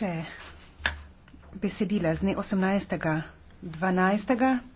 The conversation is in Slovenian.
Če besedila z dne 18.12.